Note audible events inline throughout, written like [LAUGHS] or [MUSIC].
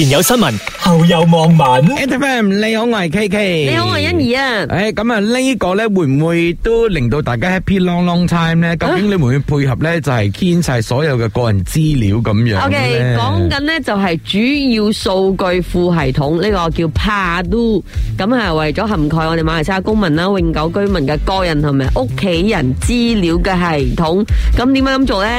前有新聞，後有網民。ATFM 你好，我係 K K。你好，我係欣怡啊。誒，咁啊呢個咧會唔會都令到大家 happy long long time 咧？究竟你會唔會配合咧？就係簽晒所有嘅個人資料咁樣咧？O K，講緊咧就係主要數據庫系統呢個叫 Padu，咁係為咗涵蓋我哋馬來西亞公民啦、永久居民嘅個人同埋屋企人資料嘅系統。咁點解咁做咧？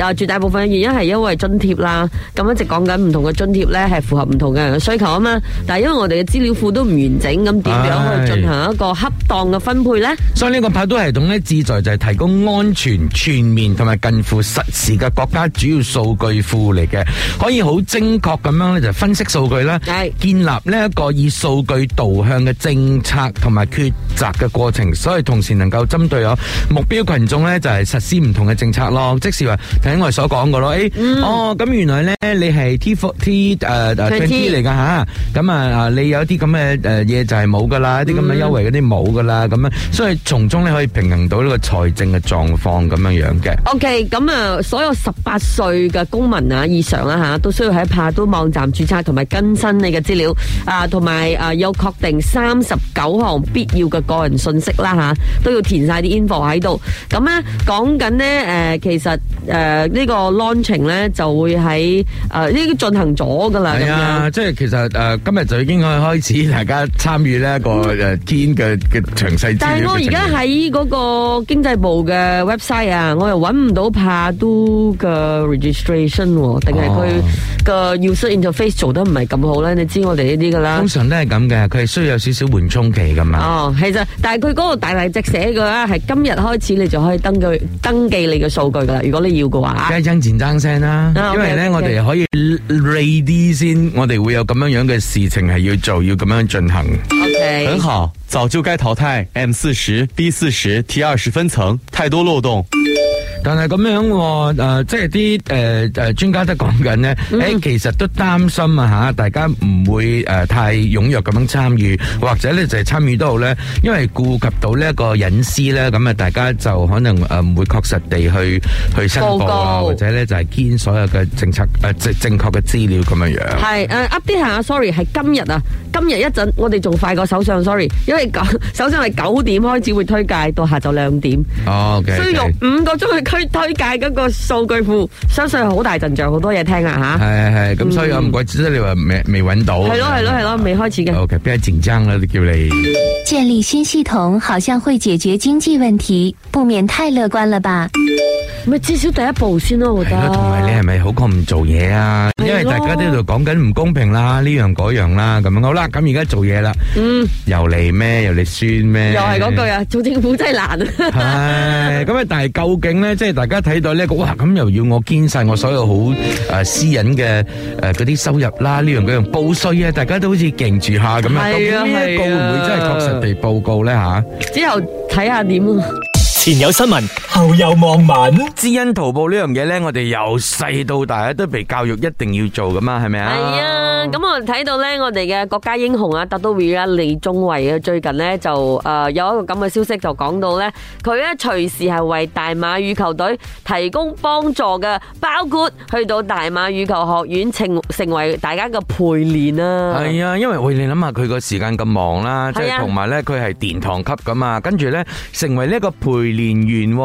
啊，絕大部分嘅原因係因為津貼啦。咁一直講緊唔同嘅津貼咧係。符合唔同嘅人嘅需求啊嘛，但係因為我哋嘅資料庫都唔完整，咁點樣去進行一個恰當嘅分配咧？哎、所以呢個派都系統咧，志在就係提供安全、全面同埋近乎實時嘅國家主要數據庫嚟嘅，可以好精確咁樣咧就分析數據啦，是建立呢一個以數據導向嘅政策同埋抉擇嘅過程，所以同時能夠針對咗目標群眾咧就係、是、實施唔同嘅政策咯，即是話睇我哋所講嘅咯，誒、哎，嗯、哦，咁原來咧你係 T four T 誒。Uh, 啊，正知嚟噶吓，咁啊啊，你有啲咁嘅誒嘢就係冇噶啦，一啲咁嘅優惠嗰啲冇噶啦，咁樣，所以從中你可以平衡到呢個財政嘅狀況咁樣樣嘅。OK，咁啊，所有十八歲嘅公民啊以上啦吓，都需要喺帕多網站註冊同埋更新你嘅資料啊，同埋啊有確定三十九項必要嘅個人信息啦吓，都要填晒啲 info 喺度。咁啊講緊咧誒，其實誒呢個 launching 咧就會喺誒呢啲進行咗噶啦。係啊，即係其實誒，今日就已經可以開始大家參與呢一個誒天嘅嘅詳細。但係我而家喺嗰個經濟部嘅 website 啊，我又搵唔到 PADU 嘅 registration，定係佢嘅 user interface 做得唔係咁好咧？你知我哋呢啲噶啦。通常都係咁嘅，佢係需要有少少緩衝期噶嘛。哦，其實但係佢嗰個大大隻寫嘅咧，係今日開始你就可以登記登記你嘅數據噶啦。如果你要嘅話，梗係爭前爭先啦，因為咧我哋可以 ready 先。我哋會有咁樣樣嘅事情係要做，要咁樣進行。OK，很好，早就該淘汰 M 四十、B 四十、T 二十分層，太多漏洞。但係咁樣，誒，即係啲誒誒專家都講緊咧，誒，其實都擔心啊嚇，大家唔會誒太踴躍咁樣參與，或者咧就係參與都好咧，因為顧及到呢一個隱私咧，咁啊大家就可能誒唔會確實地去去申報啊，或者咧就係堅所有嘅政策誒正正確嘅資料咁樣樣。係誒 update 下，sorry 係今日啊。今日一陣，我哋仲快過首相，sorry，因為首相係九點開始會推介，到下晝兩點，需、oh, okay , okay. 用五個鐘去推推介嗰個數據庫，相信好大陣仗，好多嘢聽啊吓！係係係，咁、 [NOISE] [NOISE] 嗯、所以唔怪得你話未未揾到。係咯係咯係咯，未 [NOISE] 開始嘅。OK，比較緊張啦，叫你建立新系統，好像會解決經濟問題，不免太樂觀了吧？咪至少第一步先咯，我覺得。係咯，同埋你係咪好過唔做嘢啊？因為大家都喺度講緊唔公平啦，呢樣嗰樣啦，咁樣好啦。咁而家做嘢啦，嗯，又嚟咩？又嚟算咩？又係嗰句啊，做政府真係難。係咁啊，但係究竟咧，即係大家睇到咧，哇！咁又要我捐晒我所有好誒私隱嘅誒嗰啲收入啦，呢樣嗰樣報稅啊，大家都好似勁住下咁樣。係啊，係啊。會唔會真係確實被報告咧？吓之後睇下點啊！前有新聞，後有網民。知恩圖報呢樣嘢咧，我哋由細到大咧都被教育一定要做噶嘛，係咪啊？係啊。咁我睇到咧，我哋嘅國家英雄啊，達都瑞啊，李宗偉啊，最近咧就誒有一個咁嘅消息，就講到咧，佢咧隨時係為大馬羽球隊提供幫助嘅，包括去到大馬羽球學院成成為大家嘅陪練啊。係啊，因為喂，你諗下佢個時間咁忙啦，即係同埋咧佢係殿堂級噶嘛，跟住咧成為呢個陪。連員咁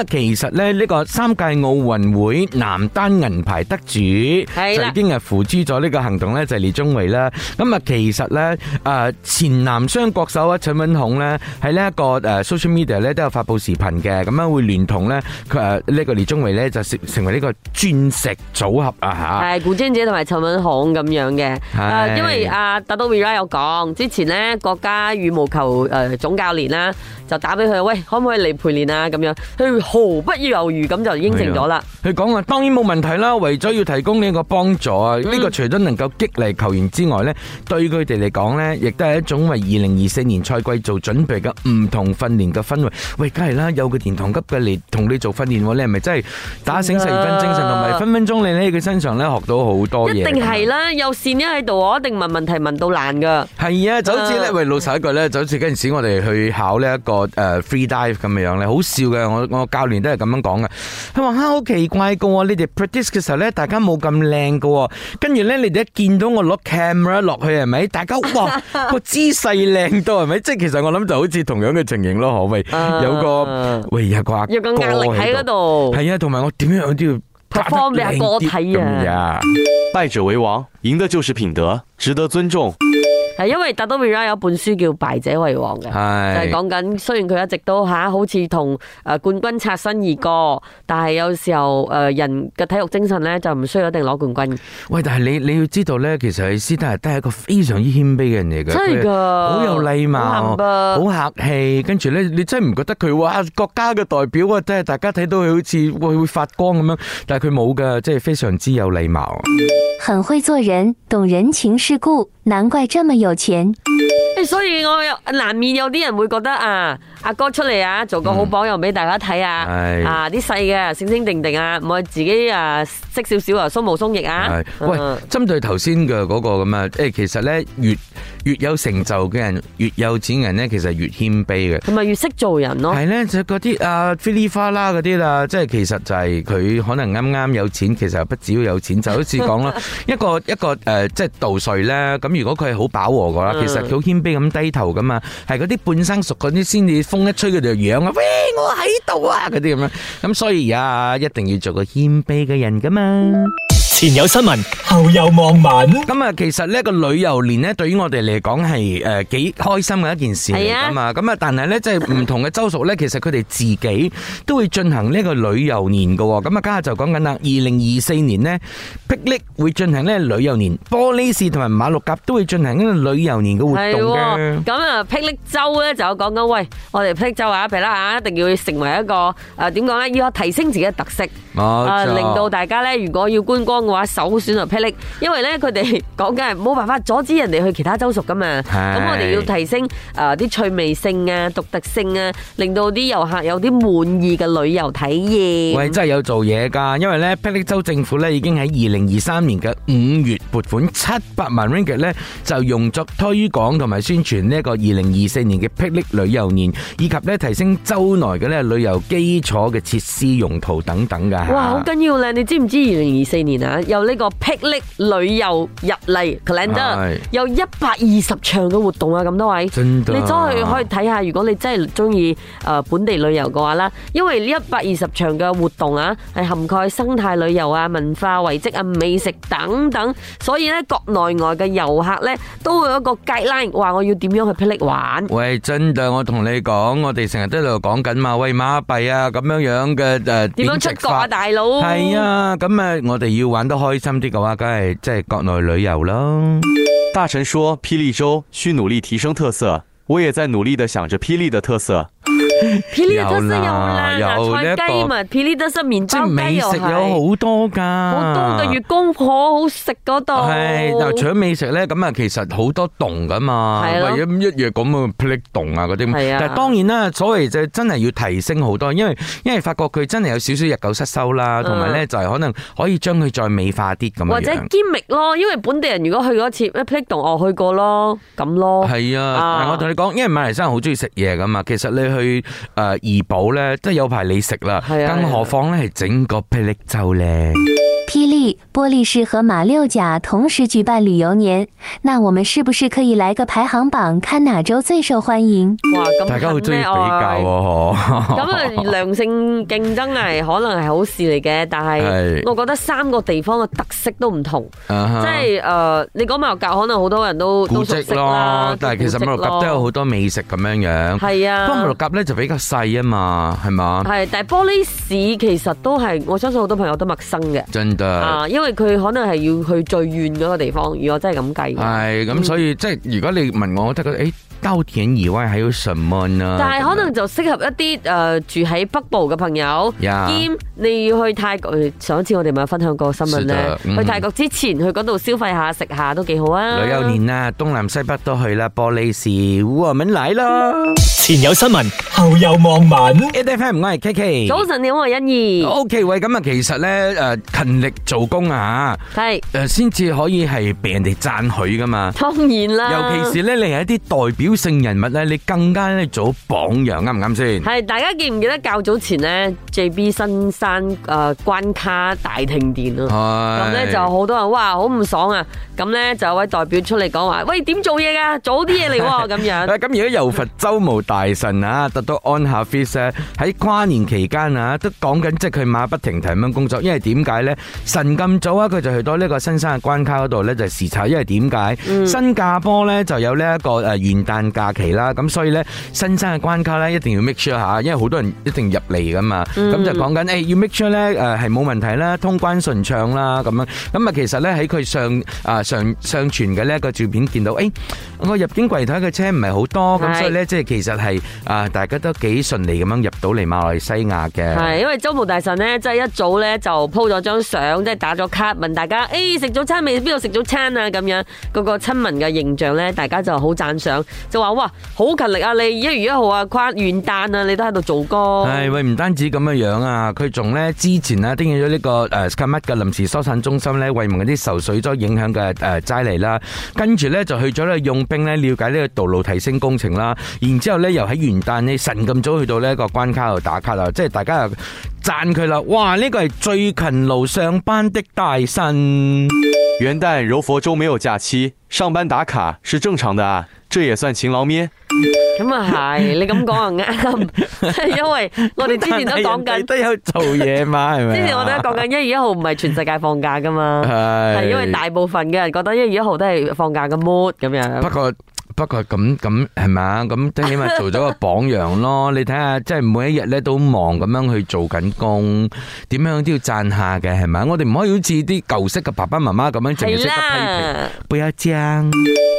啊！其實咧呢個三屆奧運會男單銀牌得主，就已經係付諸咗呢個行動咧，就係李宗偉啦。咁啊，其實咧誒，前男雙國手啊，陳文宏咧喺呢一個誒 social media 咧都有發布視頻嘅，咁樣會聯同咧佢啊呢個李宗偉咧就成成為呢個鑽石組合啊吓，係古健傑同埋陳文宏咁樣嘅。啊，因為阿達多維拉有講之前咧，國家羽毛球誒總教練啦。就打俾佢，喂，可唔可以嚟陪練啊？咁樣，佢毫不猶豫咁就應承咗啦。佢講話，當然冇問題啦。為咗要提供呢個幫助啊，呢個除咗能夠激勵球員之外咧，對佢哋嚟講咧，亦都係一種為二零二四年賽季做準備嘅唔同訓練嘅氛圍。喂，梗係啦，有個殿堂級嘅嚟同你做訓練，你係咪真係打醒十二分精神，同埋分分鐘你喺佢身上咧學到好多嘢。一定係啦，有線一喺度，我一定問問題問到難噶。係啊，就好似咧，喂老實一句咧，就好似嗰陣時我哋去考呢一個。個誒、uh, free dive 咁樣樣咧，好笑嘅，我我教練都係咁樣講嘅。佢話吓好奇怪嘅，你哋 practice 嘅時候咧，大家冇咁靚嘅，跟住咧你哋一見到我攞 camera 落去係咪？大家哇個 [LAUGHS] 姿勢靚到係咪？即係其實我諗就好似同樣嘅情形咯，可謂 [LAUGHS] 有個喂有個哥哥有一個有個壓力喺嗰度，係啊，同埋我點樣我都要克服嘅個體啊。拜者為王，贏得就是品德，值得尊重。係因為達多維拉有一本書叫敗者為王嘅，係就係講緊雖然佢一直都吓好似同誒冠軍擦身而過，但係有時候誒人嘅體育精神咧就唔需要一定攞冠軍。喂，但係你你要知道咧，其實係斯特係都係一個非常之謙卑嘅人嚟嘅，真係噶好有禮貌，好客氣。跟住咧，你真係唔覺得佢哇國家嘅代表啊，即係大家睇到佢好似會會發光咁樣，但係佢冇噶，即係非常之有禮貌，很會做人，懂人情世故。難怪這麼有錢。所以我又難免有啲人會覺得啊，阿哥出嚟啊，做個好榜樣俾大家睇啊，啊啲細嘅醒醒定定啊，唔係自己啊識少少啊，鬆毛鬆翼啊。係，喂，針對頭先嘅嗰個咁啊，即係其實咧，越越有成就嘅人，越有錢嘅人咧，其實越謙卑嘅，同埋越識做人咯。係咧，就嗰啲啊 filifa 啦嗰啲啦，即係其實就係佢可能啱啱有錢，其實不只要有錢，就好似講啦，一個一個誒，即係稻穗咧。咁如果佢係好飽和嘅啦，其實佢好謙卑。咁低頭噶嘛，係嗰啲半生熟嗰啲先至風一吹佢就揚啊！喂，我喺度啊！嗰啲咁樣，咁所以啊，一定要做個謙卑嘅人噶嘛。前有新聞，後有網民。咁啊，其實呢個旅遊年咧，對於我哋嚟講係誒幾開心嘅一件事嚟噶嘛。咁啊，但係咧即係唔同嘅州屬咧，其實佢哋自己都會進行呢個旅遊年嘅。咁啊，家下就講緊啦，二零二四年咧霹靂會進行咧旅遊年，玻璃市同埋馬六甲都會進行呢個旅遊年嘅活動嘅。咁啊，霹靂州咧就講緊，喂，我哋霹靂州啊，譬如啦吓，一定要成為一個誒點講咧，要提升自己嘅特色。啊！令到大家咧，如果要觀光嘅話，首選啊霹靂，因為咧佢哋講緊係冇辦法阻止人哋去其他州屬噶嘛。咁我哋要提升誒啲趣味性啊、獨特性啊，令到啲遊客有啲滿意嘅旅遊體驗。喂，真係有做嘢噶，因為咧霹靂州政府咧已經喺二零二三年嘅五月撥款七百萬 ringgit 咧，就用作推廣同埋宣傳呢一個二零二四年嘅霹靂旅遊年，以及咧提升州內嘅咧旅遊基礎嘅設施用途等等噶。哇，好緊要咧！你知唔知二零二四年啊，有呢個霹靂旅遊入嚟 calendar，有一百二十場嘅活動啊！咁多位，你走去可以可以睇下。如果你真係中意誒本地旅遊嘅話啦，因為呢一百二十場嘅活動啊，係涵蓋生態旅遊啊、文化遺跡啊、美食等等，所以咧國內外嘅遊客咧，都會有一個 guide line，話我要點樣去霹靂玩。喂，真嘅！我同你講，我哋成日都喺度講緊嘛，喂馬幣啊咁樣樣嘅誒點樣出國？大佬，係啊，咁啊，我哋要玩得開心啲嘅話，梗係即係國內旅遊咯。大臣說：霹靂州需努力提升特色，我也在努力地想着霹靂的特色。皮利德濕又靚，拿菜雞物，皮利德濕麵包雞又係，即係美食有多好多噶，好多嘅月公婆好食嗰度。係，但除咗美食咧，咁啊，其實好多洞噶嘛，或咗的一月咁啊，皮洞啊嗰啲。的但係當然啦，所謂就真係要提升好多，因為因為發覺佢真係有少少日久失修啦，同埋咧就係可能可以將佢再美化啲咁樣或者堅力咯，因為本地人如果去嗰次皮洞，我去過咯，咁咯。係啊，但我同你講，因為馬來西亞人好中意食嘢噶嘛，其實你去。誒，怡保咧，都有排你食啦，啊、更何況咧係整個霹靂州咧。霹靂玻璃市和馬六甲同時舉辦旅遊年，那我們是不是可以來個排行榜，看哪州最受歡迎？哇、哦，咁大家好中意比較，咁啊良性競爭係可能係好事嚟嘅，但係我覺得三個地方嘅特色都唔同，啊、哈即係誒、呃，你講馬六甲可能好多人都熟悉啦，啦，但係其實馬六甲都有好多美食咁樣樣，係是啊，不過馬六甲咧就比較細啊嘛，係嘛，係，但係玻璃市其實都係我相信好多朋友都陌生嘅，啊，因為佢可能係要去最遠嗰個地方，如果真係咁計嘅。係，咁所以、嗯、即係如果你問我，我覺得誒。欸稻田以外還有什麼呢？但係可能就適合一啲誒住喺北部嘅朋友，兼你要去泰國。上一次我哋咪分享過新聞咧，去泰國之前去嗰度消費下食下都幾好啊。旅遊年啦，東南西北都去啦，玻璃市烏文乃啦。前有新聞，後有網民。A. F. M. 唔該，K. K. 早晨，你好，欣宜。O. K. 喂，咁啊，其實咧誒，勤力做工啊，係誒，先至可以係俾人哋讚許噶嘛。當然啦，尤其是咧，你係一啲代表性人物咧，你更加咧做榜樣，啱唔啱先？係大家記唔記得較早前咧，J B 新山誒、呃、關卡大停電啊，咁咧是就好多人話好唔爽啊。咁咧就有位代表出嚟講話，喂，做做點做嘢噶？早啲嘢嚟咁樣。咁而家柔佛州務大臣啊，特 [LAUGHS] 到翁哈菲茲喺跨年期間啊，都講緊即係佢馬不停蹄咁樣工作。因為點解咧？神咁早啊，佢就去到呢個新山嘅關卡嗰度咧，就視、是、察。因為點解？嗯、新加坡咧就有呢一個誒元旦假期啦，咁所以咧新山嘅關卡咧一定要 make sure 下，因為好多人一定入嚟噶嘛。咁、嗯、就講緊誒，要 make sure 咧誒係冇問題啦，通關順暢啦咁樣。咁啊，其實咧喺佢上啊。呃呃上上上傳嘅咧個照片，見到誒個入境櫃枱嘅車唔係好多，咁所以咧即係其實係啊，大家都幾順利咁樣入到嚟馬來西亞嘅。係因為州務大臣咧，即係一早咧就 po 咗張相，即係打咗卡問大家誒食早餐未？邊度食早餐啊？咁樣嗰個親民嘅形象咧，大家就好讚賞，就話哇好勤力啊！你一月一號啊跨元旦啊，你都喺度做工。係喂，唔單止咁樣樣啊，佢仲咧之前咧啲見咗呢個誒 scan 乜嘅臨時疏散中心咧，慰問嗰啲受水災影響嘅。誒，摘嚟啦，跟住咧就去咗咧用兵咧了解呢個道路提升工程啦，然之後咧又喺元旦呢晨咁早去到咧個關卡度打卡啦，即係大家又讚佢啦，哇呢、這個係最勤勞上班的大神！元旦柔佛州沒有假期，上班打卡是正常的啊。這也算勤勞咩？咁啊係，你咁講又啱，因為我哋之前都講緊都有做嘢嘛，係咪？之前我哋都係講緊一月一號唔係全世界放假噶嘛，係 [LAUGHS] [LAUGHS] 因為大部分嘅人覺得一月一號都係放假嘅 mood 咁樣。不過。不過咁咁係嘛，咁最起碼做咗個榜樣咯。你睇下，即係每一日咧都忙咁樣去做緊工，點樣都要讚下嘅係咪？我哋唔可以好似啲舊式嘅爸爸媽媽咁樣淨係識得批評，不要張。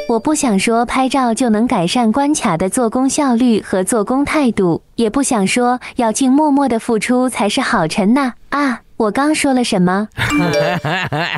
我不想說拍照就能改善關卡的做工效率和做工態度，也不想說要靜默默的付出才是好臣吶啊！啊我剛說了什麼？ [NOISE]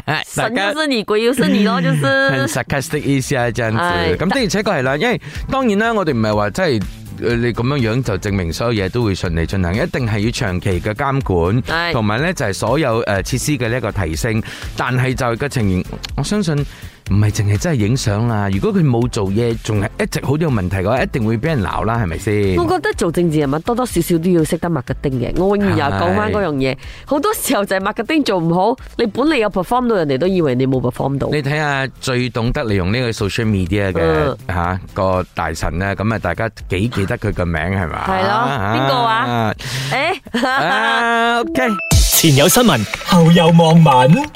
大神又是你，鬼又是你咯，就是。很 sarcastic 意思啊，這樣子。咁的而且確係啦，因為當然啦，我哋唔係話即係、呃、你咁樣樣就證明所有嘢都會順利進行，一定係要長期嘅監管，同埋咧就係、是、所有誒設、呃、施嘅呢一個提升。但係就個情形，我相信。唔係淨係真係影相啦，如果佢冇做嘢，仲係一直好有問題嘅話，一定會俾人鬧啦，係咪先？我覺得做政治人物多多少少都要識得 marketing 嘅，我永遠又講翻嗰樣嘢，好是多時候就係 marketing 做唔好，你本嚟有 perform 到，人哋都以為你冇 perform 到。你睇下最懂得利用呢個 social media 嘅吓個大臣咧，咁啊大家幾記得佢個名係咪？係咯，邊個啊？誒，OK，前有新聞，後有網民。